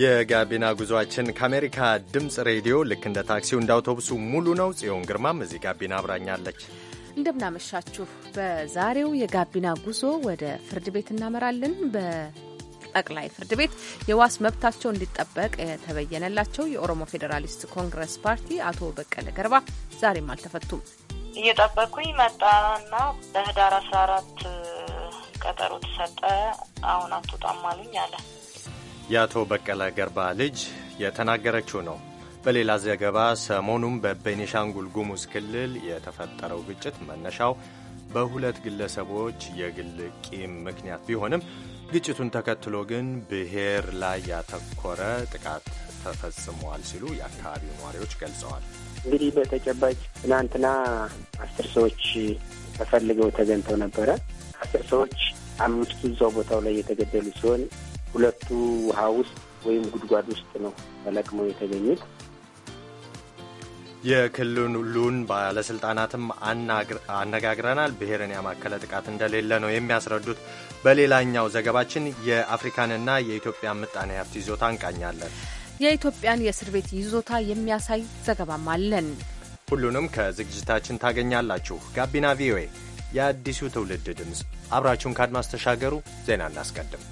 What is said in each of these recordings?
የጋቢና ጉዟችን ከአሜሪካ ድምፅ ሬዲዮ ልክ እንደ ታክሲው እንደ አውቶቡሱ ሙሉ ነው። ጽዮን ግርማም እዚህ ጋቢና አብራኛለች። እንደምናመሻችሁ። በዛሬው የጋቢና ጉዞ ወደ ፍርድ ቤት እናመራለን። ጠቅላይ ፍርድ ቤት የዋስ መብታቸው እንዲጠበቅ የተበየነላቸው የኦሮሞ ፌዴራሊስት ኮንግረስ ፓርቲ አቶ በቀለ ገርባ ዛሬም አልተፈቱም። እየጠበኩኝ መጣና በህዳር አስራ አራት ቀጠሮ ተሰጠ። አሁን አትወጣም አሉኝ አለ የአቶ በቀለ ገርባ ልጅ የተናገረችው ነው። በሌላ ዘገባ ሰሞኑን በቤኒሻንጉል ጉሙዝ ክልል የተፈጠረው ግጭት መነሻው በሁለት ግለሰቦች የግል ቂም ምክንያት ቢሆንም ግጭቱን ተከትሎ ግን ብሔር ላይ ያተኮረ ጥቃት ተፈጽሟል ሲሉ የአካባቢው ነዋሪዎች ገልጸዋል። እንግዲህ በተጨባጭ ትናንትና አስር ሰዎች ተፈልገው ተገኝተው ነበረ። አስር ሰዎች አምስቱ እዛው ቦታው ላይ የተገደሉ ሲሆን ሁለቱ ውሃ ውስጥ ወይም ጉድጓድ ውስጥ ነው ተለቅመው የተገኙት። የክልሉን ባለስልጣናትም አነጋግረናል። ብሔርን ያማከለ ጥቃት እንደሌለ ነው የሚያስረዱት። በሌላኛው ዘገባችን የአፍሪካንና የኢትዮጵያን ምጣኔ ሀብት ይዞታ እንቃኛለን። የኢትዮጵያን የእስር ቤት ይዞታ የሚያሳይ ዘገባም አለን። ሁሉንም ከዝግጅታችን ታገኛላችሁ። ጋቢና ቪኦኤ፣ የአዲሱ ትውልድ ድምፅ። አብራችሁን ከአድማስ ተሻገሩ። ዜና እናስቀድም።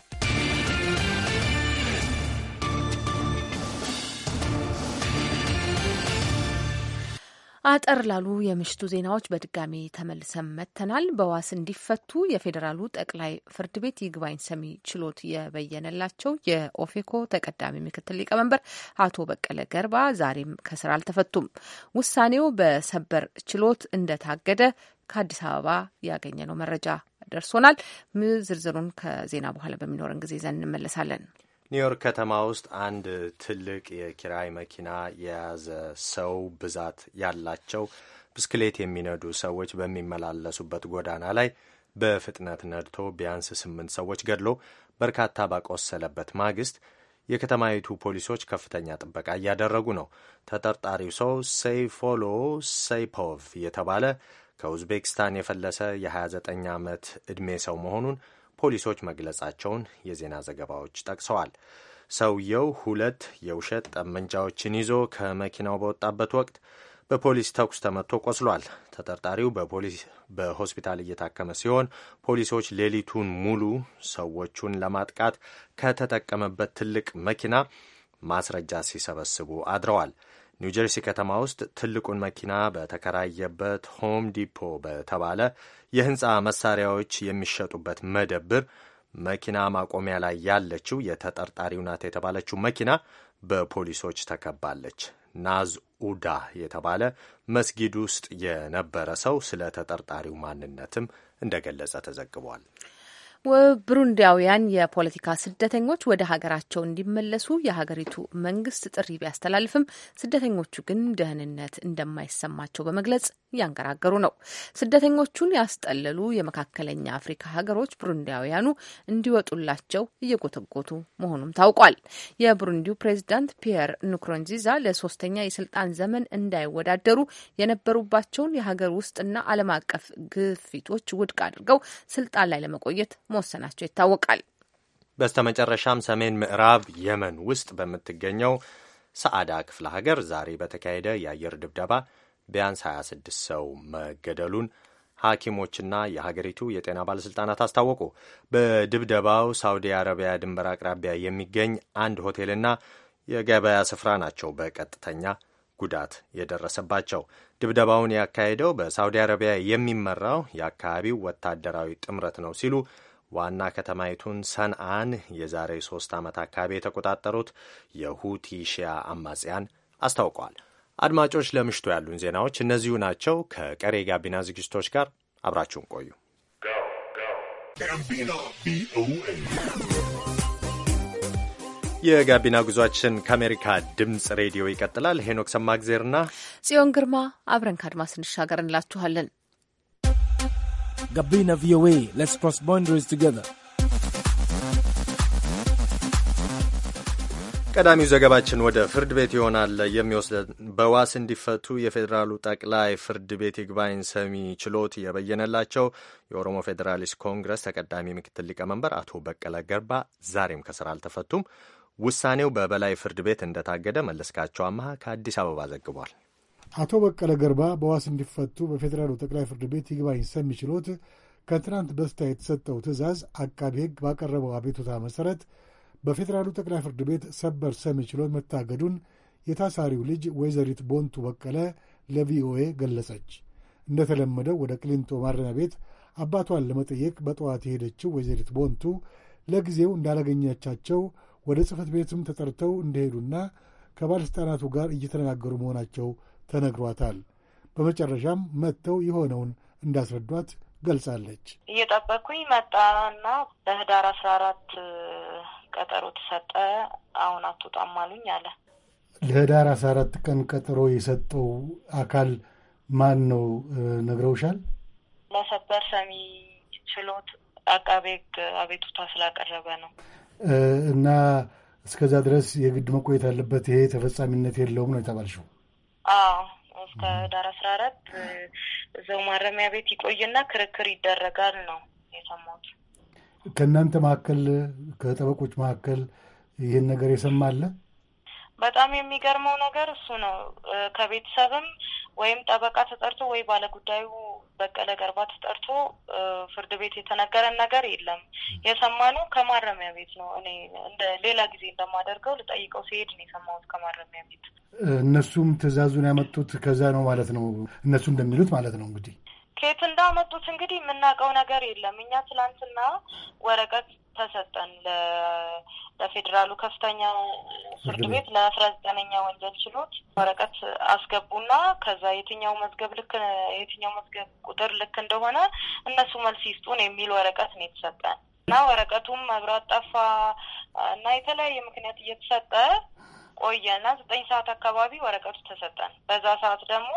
አጠር ላሉ የምሽቱ ዜናዎች በድጋሚ ተመልሰን መጥተናል። በዋስ እንዲፈቱ የፌዴራሉ ጠቅላይ ፍርድ ቤት ይግባኝ ሰሚ ችሎት የበየነላቸው የኦፌኮ ተቀዳሚ ምክትል ሊቀመንበር አቶ በቀለ ገርባ ዛሬም ከስራ አልተፈቱም። ውሳኔው በሰበር ችሎት እንደታገደ ከአዲስ አበባ ያገኘነው መረጃ ደርሶናል። ዝርዝሩን ከዜና በኋላ በሚኖረን ጊዜ ይዘን እንመለሳለን። ኒውዮርክ ከተማ ውስጥ አንድ ትልቅ የኪራይ መኪና የያዘ ሰው ብዛት ያላቸው ብስክሌት የሚነዱ ሰዎች በሚመላለሱበት ጎዳና ላይ በፍጥነት ነድቶ ቢያንስ ስምንት ሰዎች ገድሎ በርካታ ባቆሰለበት ማግስት የከተማይቱ ፖሊሶች ከፍተኛ ጥበቃ እያደረጉ ነው። ተጠርጣሪው ሰው ሰይፎሎ ሰይፖቭ የተባለ ከኡዝቤክስታን የፈለሰ የ29 ዓመት ዕድሜ ሰው መሆኑን ፖሊሶች መግለጻቸውን የዜና ዘገባዎች ጠቅሰዋል። ሰውየው ሁለት የውሸት ጠመንጃዎችን ይዞ ከመኪናው በወጣበት ወቅት በፖሊስ ተኩስ ተመቶ ቆስሏል። ተጠርጣሪው በፖሊስ በሆስፒታል እየታከመ ሲሆን ፖሊሶች ሌሊቱን ሙሉ ሰዎቹን ለማጥቃት ከተጠቀመበት ትልቅ መኪና ማስረጃ ሲሰበስቡ አድረዋል። ኒውጀርሲ ከተማ ውስጥ ትልቁን መኪና በተከራየበት ሆም ዲፖ በተባለ የህንፃ መሳሪያዎች የሚሸጡበት መደብር መኪና ማቆሚያ ላይ ያለችው የተጠርጣሪው ናት የተባለችው መኪና በፖሊሶች ተከባለች። ናዝ ኡዳ የተባለ መስጊድ ውስጥ የነበረ ሰው ስለ ተጠርጣሪው ማንነትም እንደገለጸ ተዘግቧል። ብሩንዲያውያን የፖለቲካ ስደተኞች ወደ ሀገራቸው እንዲመለሱ የሀገሪቱ መንግስት ጥሪ ቢያስተላልፍም ስደተኞቹ ግን ደህንነት እንደማይሰማቸው በመግለጽ እያንገራገሩ ነው። ስደተኞቹን ያስጠለሉ የመካከለኛ አፍሪካ ሀገሮች ብሩንዲያውያኑ እንዲወጡላቸው እየጎተጎቱ መሆኑም ታውቋል። የብሩንዲው ፕሬዚዳንት ፒየር ንኩሩንዚዛ ለሶስተኛ የስልጣን ዘመን እንዳይወዳደሩ የነበሩባቸውን የሀገር ውስጥና ዓለም አቀፍ ግፊቶች ውድቅ አድርገው ስልጣን ላይ ለመቆየት መወሰናቸው ይታወቃል። በስተመጨረሻም ሰሜን ምዕራብ የመን ውስጥ በምትገኘው ሰዓዳ ክፍለ ሀገር ዛሬ በተካሄደ የአየር ድብደባ ቢያንስ 26 ሰው መገደሉን ሐኪሞችና የሀገሪቱ የጤና ባለሥልጣናት አስታወቁ። በድብደባው ሳውዲ አረቢያ ድንበር አቅራቢያ የሚገኝ አንድ ሆቴልና የገበያ ስፍራ ናቸው በቀጥተኛ ጉዳት የደረሰባቸው። ድብደባውን ያካሄደው በሳውዲ አረቢያ የሚመራው የአካባቢው ወታደራዊ ጥምረት ነው ሲሉ ዋና ከተማይቱን ሰንአን የዛሬ ሶስት ዓመት አካባቢ የተቆጣጠሩት የሁቲ ሺያ አማጽያን አስታውቀዋል። አድማጮች፣ ለምሽቱ ያሉን ዜናዎች እነዚሁ ናቸው። ከቀሪ የጋቢና ዝግጅቶች ጋር አብራችሁን ቆዩ። የጋቢና ጉዟችን ከአሜሪካ ድምፅ ሬዲዮ ይቀጥላል። ሄኖክ ሰማግዜርና ጽዮን ግርማ አብረን ከአድማስ ስንሻገር እንላችኋለን። Gabina VOA. Let's cross boundaries together. ቀዳሚው ዘገባችን ወደ ፍርድ ቤት ይሆናል የሚወስደን በዋስ እንዲፈቱ የፌዴራሉ ጠቅላይ ፍርድ ቤት ይግባኝ ሰሚ ችሎት የበየነላቸው የኦሮሞ ፌዴራሊስት ኮንግረስ ተቀዳሚ ምክትል ሊቀመንበር አቶ በቀለ ገርባ ዛሬም ከስራ አልተፈቱም። ውሳኔው በበላይ ፍርድ ቤት እንደታገደ መለስካቸው አመሃ ከአዲስ አበባ ዘግቧል። አቶ በቀለ ገርባ በዋስ እንዲፈቱ በፌዴራሉ ጠቅላይ ፍርድ ቤት ይግባኝ ሰሚ ችሎት ከትናንት በስቲያ የተሰጠው ትእዛዝ አቃቢ ሕግ ባቀረበው አቤቱታ መሠረት በፌዴራሉ ጠቅላይ ፍርድ ቤት ሰበር ሰሚ ችሎት መታገዱን የታሳሪው ልጅ ወይዘሪት ቦንቱ በቀለ ለቪኦኤ ገለጸች። እንደተለመደው ወደ ቅሊንጦ ማረሚያ ቤት አባቷን ለመጠየቅ በጠዋት የሄደችው ወይዘሪት ቦንቱ ለጊዜው እንዳላገኛቻቸው ወደ ጽፈት ቤትም ተጠርተው እንደሄዱና ከባለሥልጣናቱ ጋር እየተነጋገሩ መሆናቸው ተነግሯታል። በመጨረሻም መጥተው የሆነውን እንዳስረዷት ገልጻለች። እየጠበኩኝ መጣና ለህዳር አስራ አራት ቀጠሮ ተሰጠ። አሁን አትወጣም አሉኝ አለ። ለህዳር አስራ አራት ቀን ቀጠሮ የሰጠው አካል ማን ነው? ነግረውሻል? ለሰበር ሰሚ ችሎት አቃቤ አቤቱታ ስላቀረበ ነው እና እስከዛ ድረስ የግድ መቆየት አለበት። ይሄ ተፈጻሚነት የለውም ነው የተባልሽው? እስከ ዳር አስራ አራት እዛው ማረሚያ ቤት ይቆይና ክርክር ይደረጋል ነው የሰማሁት። ከእናንተ መካከል ከጠበቆች መካከል ይህን ነገር የሰማ አለ? በጣም የሚገርመው ነገር እሱ ነው። ከቤተሰብም ወይም ጠበቃ ተጠርቶ ወይ ባለጉዳዩ በቀለ ገርባ ተጠርቶ ፍርድ ቤት የተነገረን ነገር የለም። የሰማነው ከማረሚያ ቤት ነው። እኔ እንደ ሌላ ጊዜ እንደማደርገው ልጠይቀው ሲሄድ ነው የሰማሁት ከማረሚያ ቤት። እነሱም ትዕዛዙን ያመጡት ከዛ ነው ማለት ነው። እነሱ እንደሚሉት ማለት ነው እንግዲህ ከየት እንዳመጡት እንግዲህ የምናውቀው ነገር የለም። እኛ ትላንትና ወረቀት ተሰጠን ለፌዴራሉ ከፍተኛ ፍርድ ቤት ለአስራ ዘጠነኛ ወንጀል ችሎት ወረቀት አስገቡና ከዛ የትኛው መዝገብ ልክ የትኛው መዝገብ ቁጥር ልክ እንደሆነ እነሱ መልስ ይስጡን የሚል ወረቀት ነው የተሰጠን እና ወረቀቱም መብራት ጠፋ እና የተለያየ ምክንያት እየተሰጠ ቆየና ዘጠኝ ሰዓት አካባቢ ወረቀቱ ተሰጠን። በዛ ሰዓት ደግሞ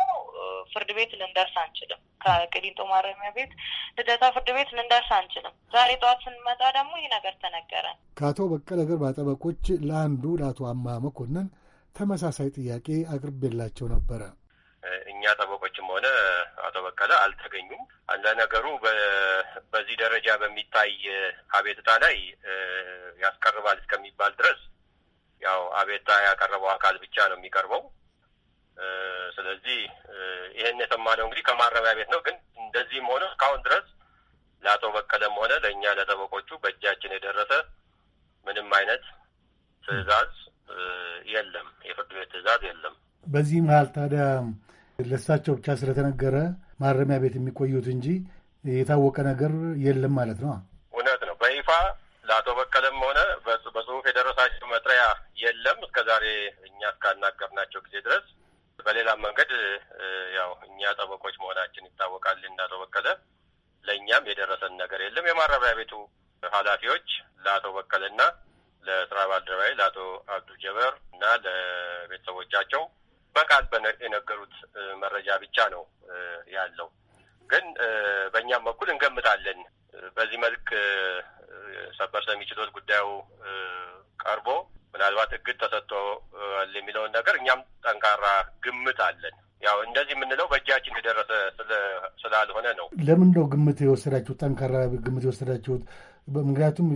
ፍርድ ቤት ልንደርስ አንችልም። ከቅሊንጦ ማረሚያ ቤት ልደታ ፍርድ ቤት ልንደርስ አንችልም። ዛሬ ጠዋት ስንመጣ ደግሞ ይህ ነገር ተነገረን። ከአቶ በቀለ ገርባ ጠበቆች ለአንዱ ለአቶ አማ መኮንን ተመሳሳይ ጥያቄ አቅርቤላቸው ነበረ። እኛ ጠበቆችም ሆነ አቶ በቀለ አልተገኙም። ለነገሩ በዚህ ደረጃ በሚታይ አቤትታ ላይ ያስቀርባል እስከሚባል ድረስ ያው አቤትታ ያቀረበው አካል ብቻ ነው የሚቀርበው። ስለዚህ ይህን የሰማነው እንግዲህ ከማረሚያ ቤት ነው። ግን እንደዚህም ሆነ እስካሁን ድረስ ለአቶ በቀለም ሆነ ለእኛ ለጠበቆቹ በእጃችን የደረሰ ምንም አይነት ትዕዛዝ የለም፣ የፍርድ ቤት ትዕዛዝ የለም። በዚህ መሀል ታዲያ ለእሳቸው ብቻ ስለተነገረ ማረሚያ ቤት የሚቆዩት እንጂ የታወቀ ነገር የለም ማለት ነው። እውነት ነው። በይፋ ለአቶ በቀለም ሆነ በጽሁፍ የደረሳቸው መጥሪያ የለም እስከዛሬ እኛ እስካናገርናቸው ጊዜ ድረስ በሌላ መንገድ ያው እኛ ጠበቆች መሆናችን ይታወቃል። እና አቶ በቀለ ለእኛም የደረሰን ነገር የለም። የማረሚያ ቤቱ ኃላፊዎች ለአቶ በቀለና ለስራ ባልደረባዬ ለአቶ አብዱ ጀበር እና ለቤተሰቦቻቸው በቃል የነገሩት መረጃ ብቻ ነው ያለው። ግን በእኛም በኩል እንገምታለን። በዚህ መልክ ሰበር ሰሚ ችሎት ጉዳዩ ቀርቦ ምናልባት እግድ ተሰጥቷል የሚለውን ነገር እኛም ጠንካራ ግምት አለን። ያው እንደዚህ የምንለው በእጃችን የደረሰ ስላልሆነ ነው። ለምን ነው ግምት የወሰዳችሁት? ጠንካራ ግምት የወሰዳችሁት? ምክንያቱም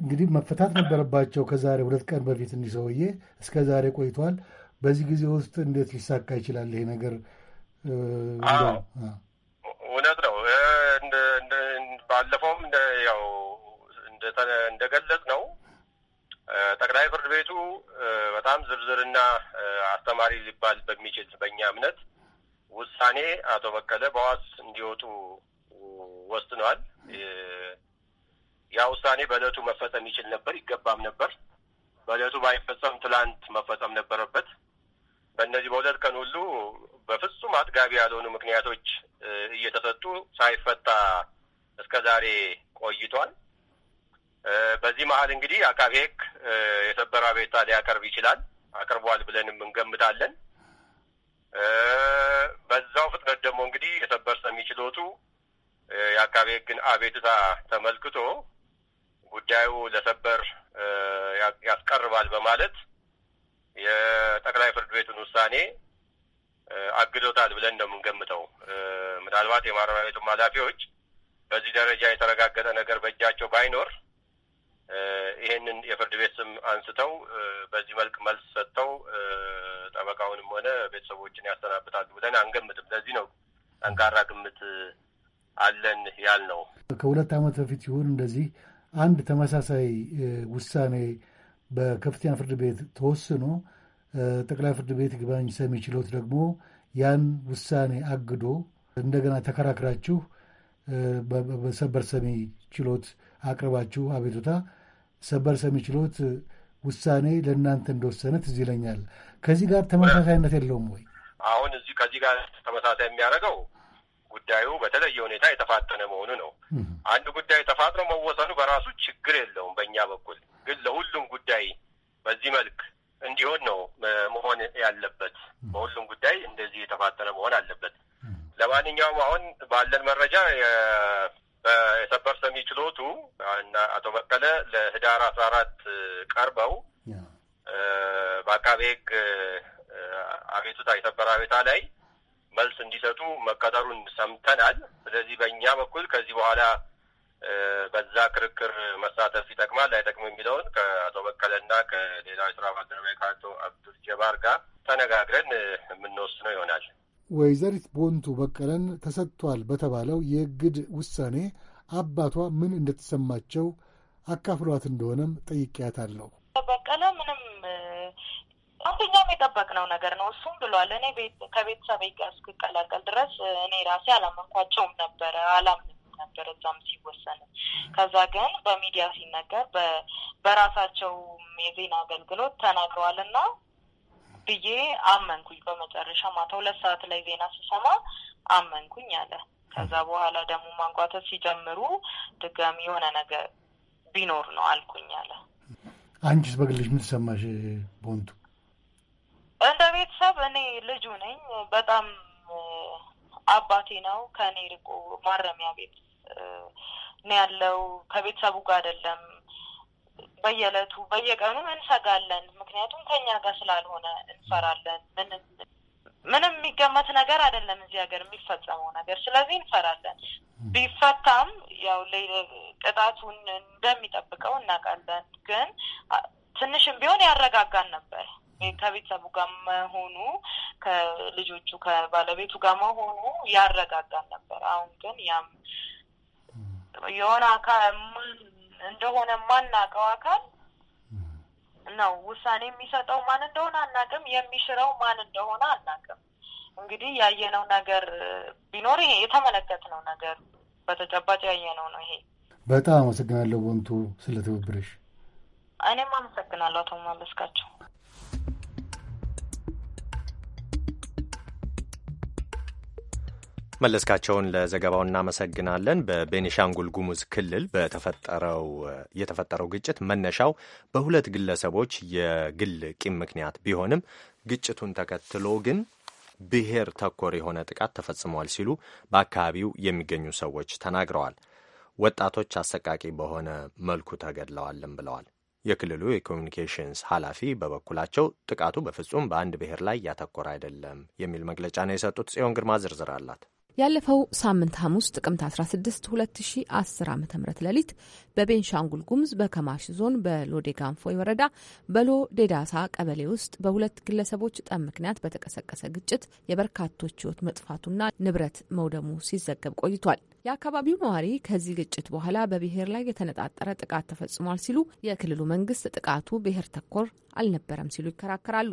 እንግዲህ መፈታት ነበረባቸው ከዛሬ ሁለት ቀን በፊት እንዲህ ሰውዬ እስከ ዛሬ ቆይቷል። በዚህ ጊዜ ውስጥ እንዴት ሊሳካ ይችላል ይሄ ነገር? እውነት ነው። ባለፈውም ያው እንደገለጽ ነው ጠቅላይ ፍርድ ቤቱ በጣም ዝርዝርና አስተማሪ ሊባል በሚችል በእኛ እምነት ውሳኔ አቶ በቀለ በዋስ እንዲወጡ ወስነዋል። ያ ውሳኔ በእለቱ መፈጸም ይችል ነበር፣ ይገባም ነበር። በእለቱ ባይፈጸም ትላንት መፈጸም ነበረበት። በእነዚህ በሁለት ቀን ሁሉ በፍጹም አጥጋቢ ያልሆኑ ምክንያቶች እየተሰጡ ሳይፈታ እስከ ዛሬ ቆይቷል። በዚህ መሀል እንግዲህ አቃቤ ሕግ የሰበር አቤቱታ ሊያቀርብ ይችላል። አቅርቧል ብለንም እንገምታለን። በዛው ፍጥነት ደግሞ እንግዲህ የሰበር ሰሚ ችሎቱ የአቃቤ ሕግን አቤቱታ ተመልክቶ ጉዳዩ ለሰበር ያስቀርባል በማለት የጠቅላይ ፍርድ ቤቱን ውሳኔ አግዶታል ብለን ነው የምንገምተው። ምናልባት የማረሚያ ቤቱም ኃላፊዎች በዚህ ደረጃ የተረጋገጠ ነገር በእጃቸው ባይኖር ይሄንን የፍርድ ቤት ስም አንስተው በዚህ መልክ መልስ ሰጥተው ጠበቃውንም ሆነ ቤተሰቦችን ያሰናብታሉ ብለን አንገምትም። ለዚህ ነው ጠንካራ ግምት አለን ነው። ከሁለት ዓመት በፊት ይሁን እንደዚህ አንድ ተመሳሳይ ውሳኔ በከፍተኛ ፍርድ ቤት ተወስኖ ጠቅላይ ፍርድ ቤት ይግባኝ ሰሚ ችሎት ደግሞ ያን ውሳኔ አግዶ እንደገና ተከራክራችሁ በሰበር ሰሚ ችሎት አቅርባችሁ አቤቱታ ሰበር ሰሚ ችሎት ውሳኔ ለእናንተ እንደወሰነ ትዝ ይለኛል። ከዚህ ጋር ተመሳሳይነት የለውም ወይ? አሁን እዚህ ከዚህ ጋር ተመሳሳይ የሚያደርገው ጉዳዩ በተለየ ሁኔታ የተፋጠነ መሆኑ ነው። አንድ ጉዳይ ተፋጥኖ መወሰኑ በራሱ ችግር የለውም በእኛ በኩል ግን ለሁሉም ጉዳይ በዚህ መልክ እንዲሆን ነው መሆን ያለበት። በሁሉም ጉዳይ እንደዚህ የተፋጠነ መሆን አለበት። ለማንኛውም አሁን ባለን መረጃ በሰበር ሰሚ ችሎቱ እና አቶ በቀለ ለህዳር አስራ አራት ቀርበው በአቃቤ ህግ አቤቱታ የሰበር አቤታ ላይ መልስ እንዲሰጡ መቀጠሩን ሰምተናል። ስለዚህ በእኛ በኩል ከዚህ በኋላ በዛ ክርክር መሳተፍ ይጠቅማል አይጠቅም የሚለውን ከአቶ በቀለና ከሌላ ስራ ባልደረባ ከአቶ አብዱል ጀባር ጋር ተነጋግረን የምንወስነው ይሆናል። ወይዘሪት ቦንቱ በቀለን ተሰጥቷል በተባለው የእግድ ውሳኔ አባቷ ምን እንደተሰማቸው አካፍሏት እንደሆነም ጠይቄያታለሁ። በቀለ ምንም አንደኛውም የጠበቅነው ነገር ነው። እሱም ብሏል። እኔ ቤት ከቤተሰብ ጋር እስክቀላቀል ድረስ እኔ ራሴ አላመንኳቸውም ነበረ አላምንም ነበር እዛም ሲወሰን። ከዛ ግን በሚዲያ ሲነገር በራሳቸው የዜና አገልግሎት ተናግረዋል እና ብዬ አመንኩኝ። በመጨረሻ ማታ ሁለት ሰዓት ላይ ዜና ስሰማ አመንኩኝ አለ። ከዛ በኋላ ደግሞ ማንቋተት ሲጀምሩ ድጋሚ የሆነ ነገር ቢኖር ነው አልኩኝ አለ። አንቺስ በግልሽ ምን ተሰማሽ? ቦንቱ እንደ ቤተሰብ እኔ ልጁ ነኝ። በጣም አባቴ ነው። ከእኔ ርቆ ማረሚያ ቤት ነው ያለው። ከቤተሰቡ ጋር አይደለም በየዕለቱ በየቀኑ እንሰጋለን። ምክንያቱም ከኛ ጋር ስላልሆነ እንፈራለን። ምንም ምንም የሚገመት ነገር አይደለም እዚህ ሀገር የሚፈጸመው ነገር። ስለዚህ እንፈራለን። ቢፈታም ያው ቅጣቱን እንደሚጠብቀው እናውቃለን። ግን ትንሽም ቢሆን ያረጋጋን ነበር ከቤተሰቡ ጋር መሆኑ ከልጆቹ ከባለቤቱ ጋር መሆኑ ያረጋጋን ነበር። አሁን ግን ያም የሆነ አካ እንደሆነ ማናቀው አካል ነው ውሳኔ የሚሰጠው። ማን እንደሆነ አናውቅም፣ የሚሽረው ማን እንደሆነ አናውቅም። እንግዲህ ያየነው ነገር ቢኖር ይሄ የተመለከትነው ነገር በተጨባጭ ያየነው ነው ይሄ። በጣም አመሰግናለሁ ወንቱ ስለ ትብብርሽ። እኔም አመሰግናለሁ አቶ መለስካቸው። መለስካቸውን ለዘገባው እናመሰግናለን። በቤኒሻንጉል ጉሙዝ ክልል በተፈጠረው የተፈጠረው ግጭት መነሻው በሁለት ግለሰቦች የግል ቂም ምክንያት ቢሆንም ግጭቱን ተከትሎ ግን ብሔር ተኮር የሆነ ጥቃት ተፈጽሟል ሲሉ በአካባቢው የሚገኙ ሰዎች ተናግረዋል። ወጣቶች አሰቃቂ በሆነ መልኩ ተገድለዋልም ብለዋል። የክልሉ የኮሚኒኬሽንስ ኃላፊ በበኩላቸው ጥቃቱ በፍጹም በአንድ ብሔር ላይ ያተኮረ አይደለም የሚል መግለጫ ነው የሰጡት። ጽዮን ግርማ ዝርዝር አላት። ያለፈው ሳምንት ሐሙስ ጥቅምት 16 2010 ዓ ም ሌሊት በቤንሻንጉል ጉሙዝ በከማሽ ዞን በሎዴ ጋንፎይ ወረዳ በሎ ዴዳሳ ቀበሌ ውስጥ በሁለት ግለሰቦች ጠብ ምክንያት በተቀሰቀሰ ግጭት የበርካቶች ህይወት መጥፋቱና ንብረት መውደሙ ሲዘገብ ቆይቷል። የአካባቢው ነዋሪ ከዚህ ግጭት በኋላ በብሔር ላይ የተነጣጠረ ጥቃት ተፈጽሟል ሲሉ የክልሉ መንግስት ጥቃቱ ብሔር ተኮር አልነበረም ሲሉ ይከራከራሉ።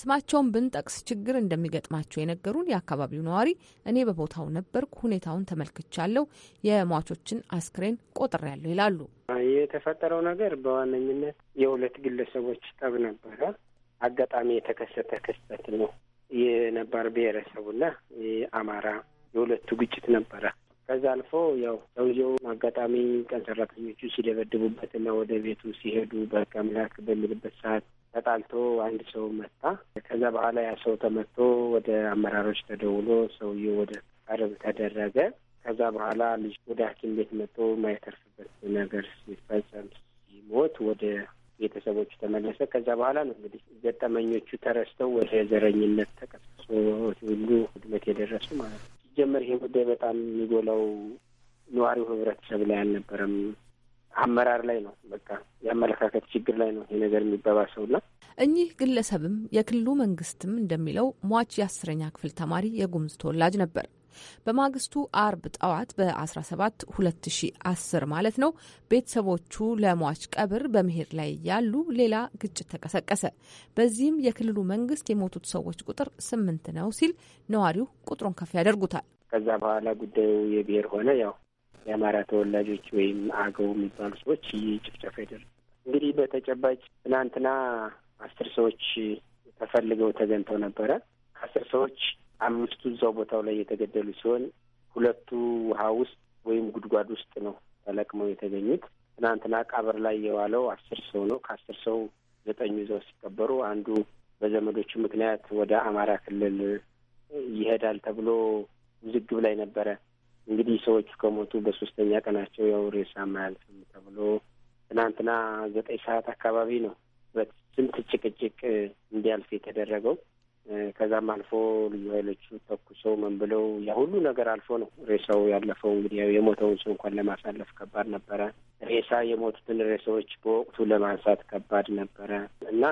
ስማቸውን ብንጠቅስ ችግር እንደሚገጥማቸው የነገሩን የአካባቢው ነዋሪ እኔ በቦታው ነበርኩ፣ ሁኔታውን ተመልክቻለሁ፣ የሟቾችን አስክሬን ቆጥሬያለሁ ይላሉ። የተፈጠረው ነገር በዋነኝነት የሁለት ግለሰቦች ጠብ ነበረ። አጋጣሚ የተከሰተ ክስተት ነው። የነባር ብሔረሰቡና የአማራ የሁለቱ ግጭት ነበረ። ከዛ አልፎ ያው ሰውየው አጋጣሚ ቀን ሰራተኞቹ ሲደበድቡበትና ወደ ቤቱ ሲሄዱ በህግ አምላክ በሚልበት ሰዓት ተጣልቶ አንድ ሰው መታ። ከዛ በኋላ ያ ሰው ተመቶ ወደ አመራሮች ተደውሎ ሰውዬው ወደ ቀርብ ተደረገ። ከዛ በኋላ ልጅ ወደ ሐኪም ቤት መጥቶ የማይተርፍበት ነገር ሲፈጸም ሲሞት ወደ ቤተሰቦቹ ተመለሰ። ከዛ በኋላ ነው እንግዲህ ገጠመኞቹ ተረስተው ወደ ዘረኝነት ተቀስቅሶ ሁሉ ውድመት የደረሱ ማለት ነው። ሲጀመር ይሄ ጉዳይ በጣም የሚጎላው ነዋሪው ህብረተሰብ ላይ አልነበረም። አመራር ላይ ነው። በቃ የአመለካከት ችግር ላይ ነው ነገር የሚባባሰውና እኚህ ግለሰብም የክልሉ መንግስትም እንደሚለው ሟች የአስረኛ ክፍል ተማሪ የጉምዝ ተወላጅ ነበር። በማግስቱ አርብ ጠዋት በ17 2010 ማለት ነው ቤተሰቦቹ ለሟች ቀብር በመሄድ ላይ ያሉ ሌላ ግጭት ተቀሰቀሰ። በዚህም የክልሉ መንግስት የሞቱት ሰዎች ቁጥር ስምንት ነው ሲል ነዋሪው ቁጥሩን ከፍ ያደርጉታል። ከዛ በኋላ ጉዳዩ የብሔር ሆነ። ያው የአማራ ተወላጆች ወይም አገው የሚባሉ ሰዎች ይህ ጭፍጨፋ ይደርግ እንግዲህ በተጨባጭ ትናንትና አስር ሰዎች ተፈልገው ተገኝተው ነበረ። ከአስር ሰዎች አምስቱ እዛው ቦታው ላይ የተገደሉ ሲሆን ሁለቱ ውሃ ውስጥ ወይም ጉድጓድ ውስጥ ነው ተለቅመው የተገኙት። ትናንትና ቀብር ላይ የዋለው አስር ሰው ነው። ከአስር ሰው ዘጠኙ እዛው ሲቀበሩ፣ አንዱ በዘመዶቹ ምክንያት ወደ አማራ ክልል ይሄዳል ተብሎ ውዝግብ ላይ ነበረ። እንግዲህ ሰዎቹ ከሞቱ በሶስተኛ ቀናቸው ያው ሬሳ ማያልፍም ተብሎ ትናንትና ዘጠኝ ሰዓት አካባቢ ነው በስንት ጭቅጭቅ እንዲያልፍ የተደረገው። ከዛም አልፎ ልዩ ኃይሎቹ ተኩሰው ምን ብለው ያ ሁሉ ነገር አልፎ ነው ሬሳው ያለፈው። እንግዲህ ያው የሞተውን ሰው እንኳን ለማሳለፍ ከባድ ነበረ። ሬሳ የሞቱትን ሬሳዎች በወቅቱ ለማንሳት ከባድ ነበረ እና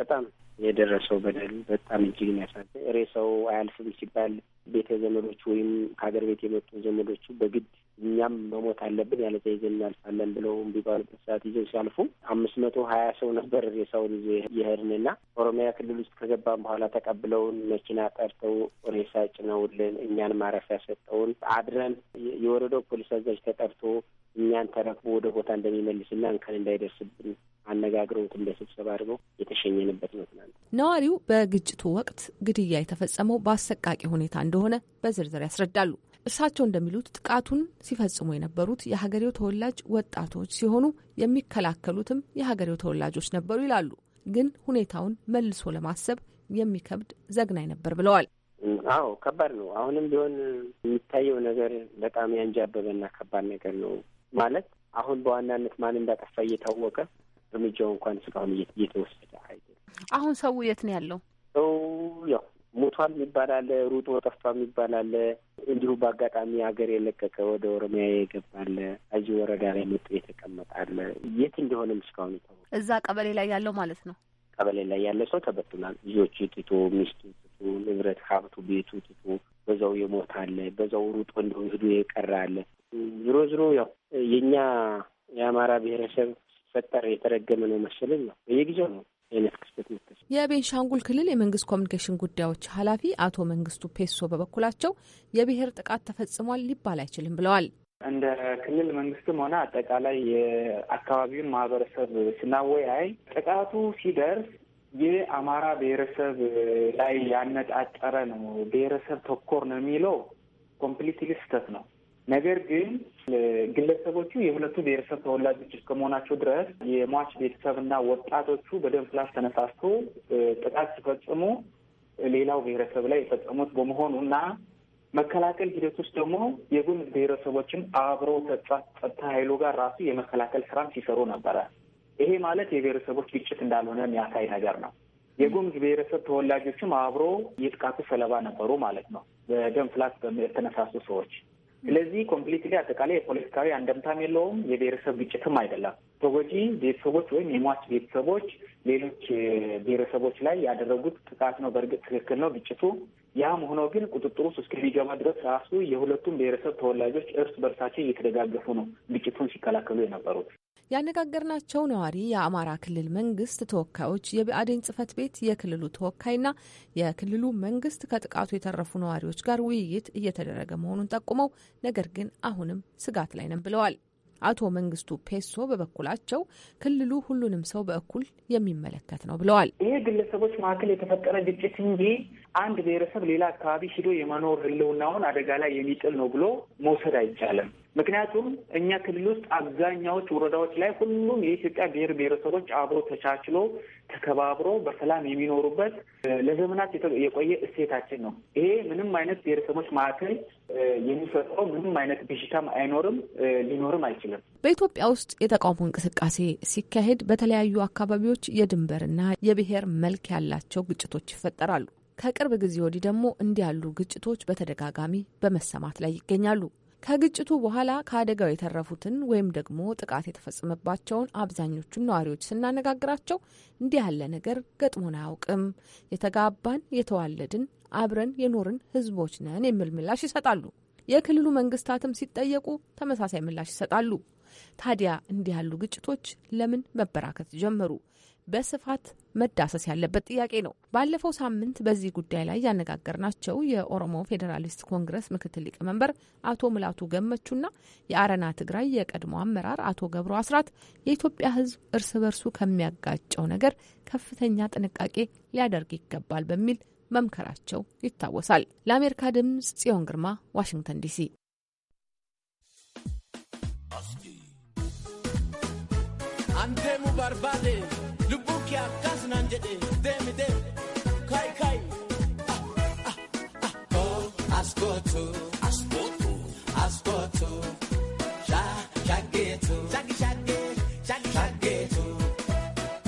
በጣም የደረሰው በደል በጣም እጅግ የሚያሳዝን ሬሳው አያልፍም ሲባል ቤተ ዘመዶቹ ወይም ከሀገር ቤት የመጡ ዘመዶቹ በግድ እኛም መሞት አለብን ያለዛ ተይዘን እናልፋለን ብለው ቢባሉበት ሰዓት ይዘው ሲያልፉ አምስት መቶ ሀያ ሰው ነበር ሬሳውን ይዞ የሄድንና ኦሮሚያ ክልል ውስጥ ከገባን በኋላ ተቀብለውን መኪና ጠርተው ሬሳ ጭነውልን እኛን ማረፊያ ሰጠውን። አድረን የወረዳው ፖሊስ አዛዥ ተጠርቶ እኛን ተረክቦ ወደ ቦታ እንደሚመልስና እንከን እንዳይደርስብን አነጋግረው እንደ ስብሰባ አድርገው የተሸኘንበት ነው። ትናንት ነዋሪው በግጭቱ ወቅት ግድያ የተፈጸመው በአሰቃቂ ሁኔታ እንደሆነ በዝርዝር ያስረዳሉ። እርሳቸው እንደሚሉት ጥቃቱን ሲፈጽሙ የነበሩት የሀገሬው ተወላጅ ወጣቶች ሲሆኑ የሚከላከሉትም የሀገሬው ተወላጆች ነበሩ ይላሉ። ግን ሁኔታውን መልሶ ለማሰብ የሚከብድ ዘግናኝ ነበር ብለዋል። አዎ ከባድ ነው። አሁንም ቢሆን የሚታየው ነገር በጣም ያንጃበበና ከባድ ነገር ነው ማለት አሁን በዋናነት ማን እንዳጠፋ እየታወቀ እርምጃው እንኳን እስካሁን እየተወሰደ አይደለም። አሁን ሰው የት ነው ያለው? ሰው ያው ሞቷል የሚባል ሩጦ ጠፋ የሚባል እንዲሁ በአጋጣሚ ሀገር የለቀቀ ወደ ኦሮሚያ የገባለ አለ፣ ወረዳ ላይ መጡ የተቀመጣለ የት እንደሆነም እስካሁን ይታወ እዛ ቀበሌ ላይ ያለው ማለት ነው። ቀበሌ ላይ ያለ ሰው ተበትኗል። ልጆች ትቶ፣ ሚስቱ ትቶ፣ ንብረት ሀብቱ፣ ቤቱ ትቶ በዛው የሞት አለ፣ በዛው ሩጦ እንዲሁ የቀረ አለ። ዝሮ ዝሮ ያው የእኛ የአማራ ብሔረሰብ ሲፈጠር የተረገመ ነው መሰለኝ ነው በየጊዜው ነው አይነት ክስተት መከሰ የቤንሻንጉል ክልል የመንግስት ኮሚኒኬሽን ጉዳዮች ኃላፊ አቶ መንግስቱ ፔሶ በበኩላቸው የብሔር ጥቃት ተፈጽሟል ሊባል አይችልም ብለዋል። እንደ ክልል መንግስትም ሆነ አጠቃላይ የአካባቢውን ማህበረሰብ ስናወያይ ጥቃቱ ሲደርስ አማራ ብሔረሰብ ላይ ያነጣጠረ ነው፣ ብሔረሰብ ተኮር ነው የሚለው ኮምፕሊትሊ ስህተት ነው። ነገር ግን ግለሰቦቹ የሁለቱ ብሔረሰብ ተወላጆች እስከመሆናቸው ድረስ የሟች ቤተሰብና ወጣቶቹ በደም ፍላስ ተነሳስቶ ጥቃት ሲፈጽሙ ሌላው ብሔረሰብ ላይ የፈጸሙት በመሆኑ እና መከላከል ሂደት ውስጥ ደግሞ የጉን ብሔረሰቦችን አብሮ ጸጥታ ኃይሉ ጋር ራሱ የመከላከል ስራም ሲሰሩ ነበረ። ይሄ ማለት የብሔረሰቦች ግጭት እንዳልሆነ የሚያሳይ ነገር ነው። የጉምዝ ብሔረሰብ ተወላጆችም አብሮ የጥቃቱ ሰለባ ነበሩ ማለት ነው። በደም ፍላስ ሰዎች ስለዚህ ኮምፕሊትሊ አጠቃላይ የፖለቲካዊ አንደምታም የለውም። የብሔረሰብ ግጭትም አይደለም። ተጎጂ ቤተሰቦች ወይም የሟች ቤተሰቦች ሌሎች ብሔረሰቦች ላይ ያደረጉት ጥቃት ነው። በእርግጥ ትክክል ነው ግጭቱ። ያም ሆኖ ግን ቁጥጥር ውስጥ እስከሚገባ ድረስ ራሱ የሁለቱም ብሔረሰብ ተወላጆች እርስ በርሳቸው እየተደጋገፉ ነው ግጭቱን ሲከላከሉ የነበሩት። ያነጋገርናቸው ነዋሪ የአማራ ክልል መንግስት ተወካዮች፣ የብአዴን ጽህፈት ቤት የክልሉ ተወካይና የክልሉ መንግስት ከጥቃቱ የተረፉ ነዋሪዎች ጋር ውይይት እየተደረገ መሆኑን ጠቁመው ነገር ግን አሁንም ስጋት ላይ ነን ብለዋል። አቶ መንግስቱ ፔሶ በበኩላቸው ክልሉ ሁሉንም ሰው በእኩል የሚመለከት ነው ብለዋል። ይሄ ግለሰቦች መካከል የተፈጠረ ግጭት እንጂ አንድ ብሔረሰብ ሌላ አካባቢ ሂዶ የመኖር ህልውናውን አደጋ ላይ የሚጥል ነው ብሎ መውሰድ አይቻልም። ምክንያቱም እኛ ክልል ውስጥ አብዛኛዎች ወረዳዎች ላይ ሁሉም የኢትዮጵያ ብሔር ብሔረሰቦች አብሮ ተቻችሎ ተከባብሮ በሰላም የሚኖሩበት ለዘመናት የቆየ እሴታችን ነው። ይሄ ምንም አይነት ብሔረሰቦች መካከል የሚፈጥረው ምንም አይነት ብዥታም አይኖርም፣ ሊኖርም አይችልም። በኢትዮጵያ ውስጥ የተቃውሞ እንቅስቃሴ ሲካሄድ በተለያዩ አካባቢዎች የድንበርና የብሔር መልክ ያላቸው ግጭቶች ይፈጠራሉ። ከቅርብ ጊዜ ወዲህ ደግሞ እንዲህ ያሉ ግጭቶች በተደጋጋሚ በመሰማት ላይ ይገኛሉ። ከግጭቱ በኋላ ከአደጋው የተረፉትን ወይም ደግሞ ጥቃት የተፈጸመባቸውን አብዛኞቹን ነዋሪዎች ስናነጋግራቸው እንዲህ ያለ ነገር ገጥሞን አያውቅም፣ የተጋባን የተዋለድን አብረን የኖርን ህዝቦች ነን የሚል ምላሽ ይሰጣሉ። የክልሉ መንግስታትም ሲጠየቁ ተመሳሳይ ምላሽ ይሰጣሉ። ታዲያ እንዲህ ያሉ ግጭቶች ለምን መበራከት ጀመሩ? በስፋት መዳሰስ ያለበት ጥያቄ ነው። ባለፈው ሳምንት በዚህ ጉዳይ ላይ ያነጋገርናቸው የኦሮሞ ፌዴራሊስት ኮንግረስ ምክትል ሊቀመንበር አቶ ምላቱ ገመቹና የአረና ትግራይ የቀድሞ አመራር አቶ ገብሩ አስራት የኢትዮጵያ ሕዝብ እርስ በርሱ ከሚያጋጨው ነገር ከፍተኛ ጥንቃቄ ሊያደርግ ይገባል በሚል መምከራቸው ይታወሳል። ለአሜሪካ ድምጽ ጽዮን ግርማ ዋሽንግተን ዲሲ። አንቴሙ ባርባሌ Yesu nan jeɗe demi de kai kai oh ah, ah, ah. askoto askoto askoto sha shageto shagi shage shagi shageto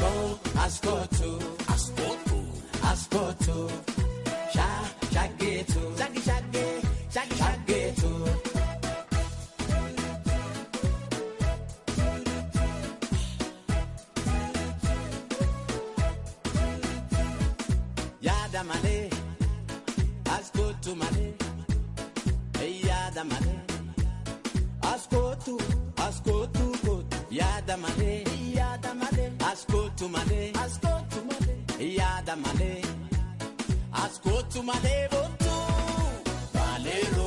oh askoto askoto yaada malee as malee yaada malee as gootu as yaada malee yaada malee as malee as malee yaada malee as malee bootu malee.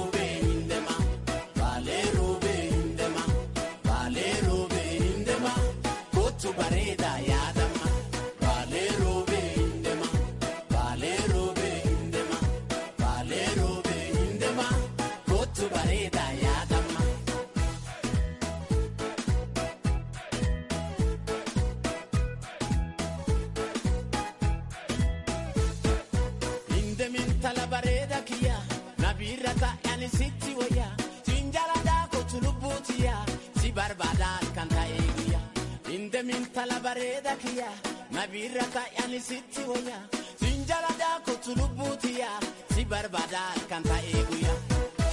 bareeda kiyya nabiirra taa'an sitti wayya sinjaladaa kottu lubbuutiyya si barbaada kan ta'ee guyya.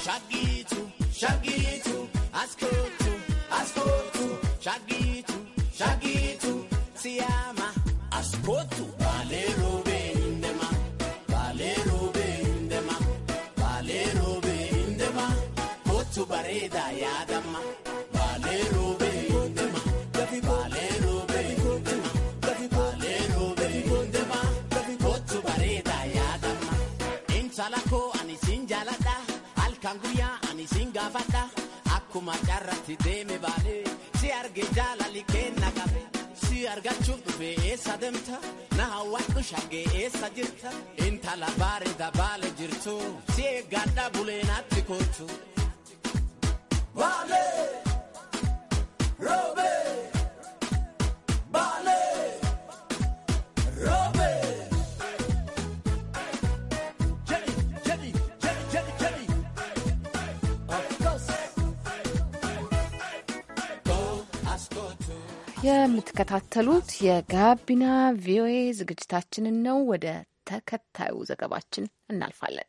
Shagiitu shagiitu as kootu as kootu shagiitu shagiitu siyaama nafadha akkuma carratti deeme baalee si arge jaalali keenna qabe si argachuuf dhufe eessa demta, na hawwadhu shaggee eessa jirta intala baare dabaale jirtu si eeggadha buleenatti kootu. Baale! የምትከታተሉት የጋቢና ቪኦኤ ዝግጅታችንን ነው። ወደ ተከታዩ ዘገባችን እናልፋለን።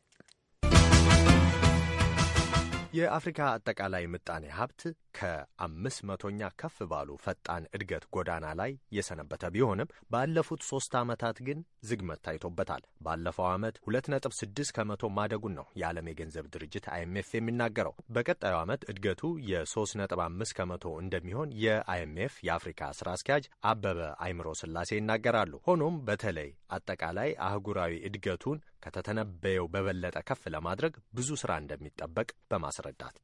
የአፍሪካ አጠቃላይ ምጣኔ ሀብት ከአምስት መቶኛ ከፍ ባሉ ፈጣን እድገት ጎዳና ላይ የሰነበተ ቢሆንም ባለፉት ሶስት ዓመታት ግን ዝግመት ታይቶበታል። ባለፈው ዓመት 2.6 ነጥብ ስድስት ከመቶ ማደጉን ነው የዓለም የገንዘብ ድርጅት አይኤምኤፍ የሚናገረው። በቀጣዩ ዓመት እድገቱ የ 35 አምስት ከመቶ እንደሚሆን የአይኤምኤፍ የአፍሪካ ስራ አስኪያጅ አበበ አይምሮ ስላሴ ይናገራሉ። ሆኖም በተለይ አጠቃላይ አህጉራዊ እድገቱን ከተተነበየው በበለጠ ከፍ ለማድረግ ብዙ ስራ እንደሚጠበቅ በማስረዳት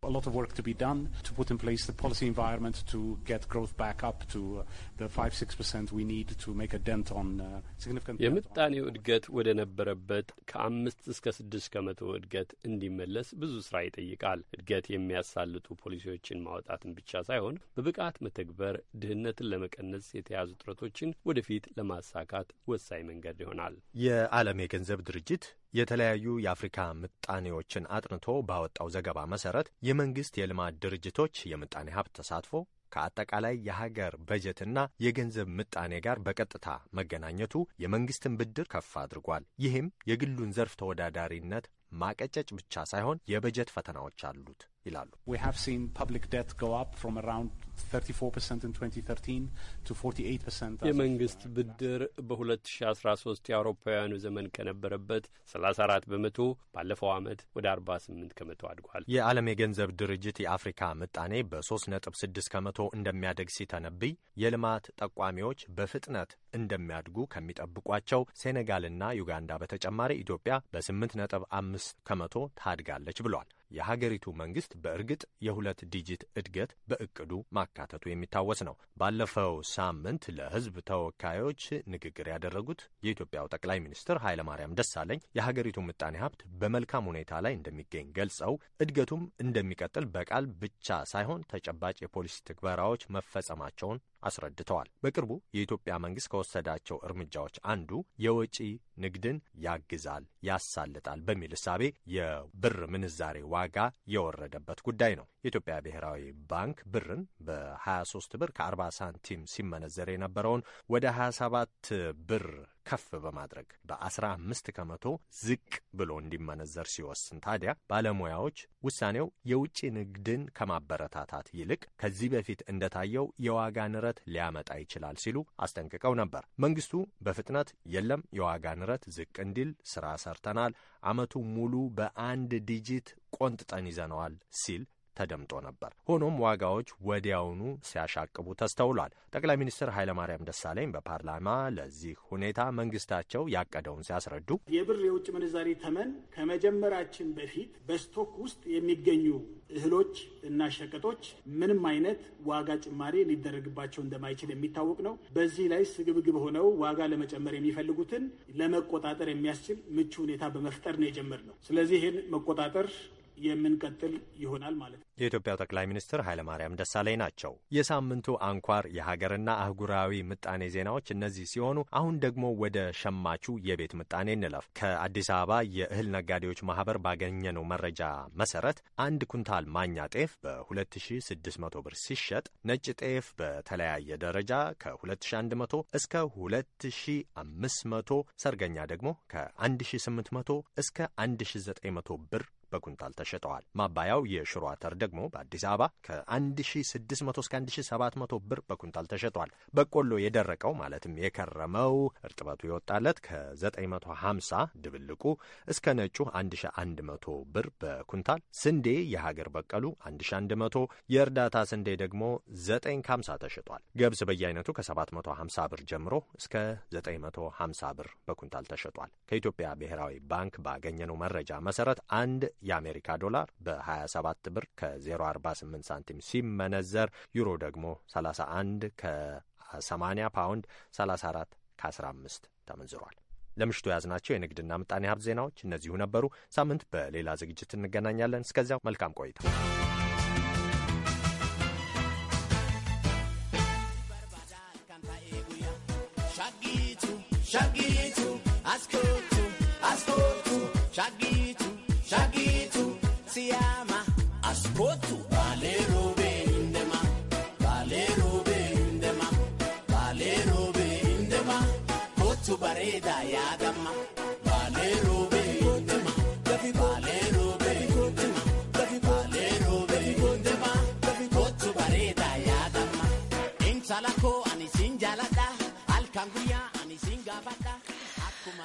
place the policy environment to get growth back up to uh, the 5-6% we need to make a dent on uh, significant የምጣኔው እድገት ወደ ነበረበት ከአምስት እስከ ስድስት ከመቶ እድገት እንዲመለስ ብዙ ስራ ይጠይቃል። እድገት የሚያሳልጡ ፖሊሲዎችን ማውጣትን ብቻ ሳይሆን በብቃት መተግበር ድህነትን ለመቀነስ የተያዙ ጥረቶችን ወደፊት ለማሳካት ወሳኝ መንገድ ይሆናል። የዓለም የገንዘብ ድርጅት የተለያዩ የአፍሪካ ምጣኔዎችን አጥንቶ ባወጣው ዘገባ መሰረት የመንግስት የልማት ድርጅቶች የምጣኔ ሀብት ተሳትፎ ከአጠቃላይ የሀገር በጀትና የገንዘብ ምጣኔ ጋር በቀጥታ መገናኘቱ የመንግስትን ብድር ከፍ አድርጓል። ይህም የግሉን ዘርፍ ተወዳዳሪነት ማቀጨጭ ብቻ ሳይሆን የበጀት ፈተናዎች አሉት ይላሉ። We ደት seen public debt የመንግስት ብድር በ2013 የአውሮፓውያኑ ዘመን ከነበረበት 34 በመቶ ባለፈው ዓመት ወደ 48 ከመቶ አድጓል። የዓለም የገንዘብ ድርጅት የአፍሪካ ምጣኔ በ3.6 ከመቶ እንደሚያደግ ሲተነብይ የልማት ጠቋሚዎች በፍጥነት እንደሚያድጉ ከሚጠብቋቸው ሴኔጋልና ዩጋንዳ በተጨማሪ ኢትዮጵያ በስምንት ነጥብ 5 ከመቶ ታድጋለች ብሏል። የሀገሪቱ መንግስት በእርግጥ የሁለት ዲጂት እድገት በእቅዱ ማካተቱ የሚታወስ ነው። ባለፈው ሳምንት ለህዝብ ተወካዮች ንግግር ያደረጉት የኢትዮጵያው ጠቅላይ ሚኒስትር ኃይለማርያም ደሳለኝ የሀገሪቱ ምጣኔ ሀብት በመልካም ሁኔታ ላይ እንደሚገኝ ገልጸው እድገቱም እንደሚቀጥል በቃል ብቻ ሳይሆን ተጨባጭ የፖሊሲ ትግበራዎች መፈጸማቸውን አስረድተዋል። በቅርቡ የኢትዮጵያ መንግስት ከወሰዳቸው እርምጃዎች አንዱ የወጪ ንግድን ያግዛል፣ ያሳልጣል በሚል እሳቤ የብር ምንዛሬ ዋጋ የወረደበት ጉዳይ ነው። የኢትዮጵያ ብሔራዊ ባንክ ብርን በ23 ብር ከ40 ሳንቲም ሲመነዘር የነበረውን ወደ 27 ብር ከፍ በማድረግ በ15 ከመቶ ዝቅ ብሎ እንዲመነዘር ሲወስን ታዲያ ባለሙያዎች ውሳኔው የውጭ ንግድን ከማበረታታት ይልቅ ከዚህ በፊት እንደታየው የዋጋ ንረት ሊያመጣ ይችላል ሲሉ አስጠንቅቀው ነበር። መንግስቱ በፍጥነት የለም የዋጋ ንረት ዝቅ እንዲል ስራ ሰርተናል፣ አመቱ ሙሉ በአንድ ዲጂት ቆንጥጠን ይዘነዋል ሲል ተደምጦ ነበር። ሆኖም ዋጋዎች ወዲያውኑ ሲያሻቅቡ ተስተውሏል። ጠቅላይ ሚኒስትር ኃይለማርያም ደሳለኝ በፓርላማ ለዚህ ሁኔታ መንግስታቸው ያቀደውን ሲያስረዱ የብር የውጭ ምንዛሪ ተመን ከመጀመራችን በፊት በስቶክ ውስጥ የሚገኙ እህሎች እና ሸቀጦች ምንም አይነት ዋጋ ጭማሪ ሊደረግባቸው እንደማይችል የሚታወቅ ነው። በዚህ ላይ ስግብግብ ሆነው ዋጋ ለመጨመር የሚፈልጉትን ለመቆጣጠር የሚያስችል ምቹ ሁኔታ በመፍጠር ነው የጀመርነው። ስለዚህ ይህን መቆጣጠር የምንቀጥል ይሆናል ማለት ነው። የኢትዮጵያው ጠቅላይ ሚኒስትር ኃይለማርያም ደሳለኝ ናቸው። የሳምንቱ አንኳር የሀገርና አህጉራዊ ምጣኔ ዜናዎች እነዚህ ሲሆኑ አሁን ደግሞ ወደ ሸማቹ የቤት ምጣኔ እንለፍ። ከአዲስ አበባ የእህል ነጋዴዎች ማህበር ባገኘነው መረጃ መሰረት አንድ ኩንታል ማኛ ጤፍ በ2600 ብር ሲሸጥ ነጭ ጤፍ በተለያየ ደረጃ ከ2100 እስከ 2500፣ ሰርገኛ ደግሞ ከ1800 እስከ 1900 ብር በኩንታል ተሸጠዋል። ማባያው የሽሮ አተር ደግሞ በአዲስ አበባ ከ1600 እስከ 1700 ብር በኩንታል ተሸጧል። በቆሎ የደረቀው ማለትም የከረመው እርጥበቱ የወጣለት ከ950 ድብልቁ እስከ ነጩ 1100 ብር በኩንታል፣ ስንዴ የሀገር በቀሉ 1100፣ የእርዳታ ስንዴ ደግሞ 950 ተሸጧል። ገብስ በየአይነቱ ከ750 ብር ጀምሮ እስከ 950 ብር በኩንታል ተሸጧል። ከኢትዮጵያ ብሔራዊ ባንክ ባገኘነው መረጃ መሰረት አንድ የአሜሪካ ዶላር በ27 ብር ከ048 ሳንቲም ሲመነዘር ዩሮ ደግሞ 31 ከ80 ፓውንድ 34 ከ15 ተመንዝሯል። ለምሽቱ ያዝናቸው የንግድና ምጣኔ ሀብት ዜናዎች እነዚሁ ነበሩ። ሳምንት በሌላ ዝግጅት እንገናኛለን። እስከዚያው መልካም ቆይታ si llama Ascolto Vale robe indema Vale robe indema Vale robe indema Otto bareda yadama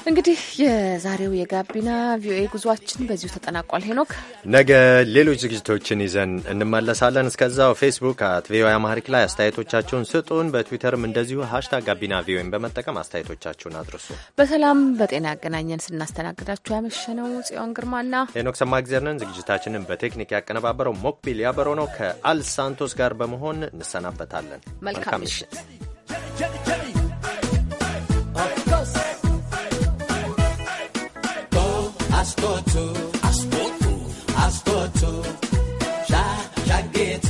እንግዲህ የዛሬው የጋቢና ቪኦኤ ጉዟችን በዚሁ ተጠናቋል። ሄኖክ፣ ነገ ሌሎች ዝግጅቶችን ይዘን እንመለሳለን። እስከዛው ፌስቡክ አት ቪኦኤ አማሪክ ላይ አስተያየቶቻችሁን ስጡን። በትዊተርም እንደዚሁ ሀሽታግ ጋቢና ቪኦኤን በመጠቀም አስተያየቶቻችሁን አድርሱ። በሰላም በጤና ያገናኘን። ስናስተናግዳችሁ ያመሸነው ጽዮን ግርማና ሄኖክ ሰማግዜርነን። ዝግጅታችንን በቴክኒክ ያቀነባበረው ሞክቢል ያበረው ነው። ከአልሳንቶስ ጋር በመሆን እንሰናበታለን። መልካም ምሽት። As toto, as toto, as toto, ja, ja get.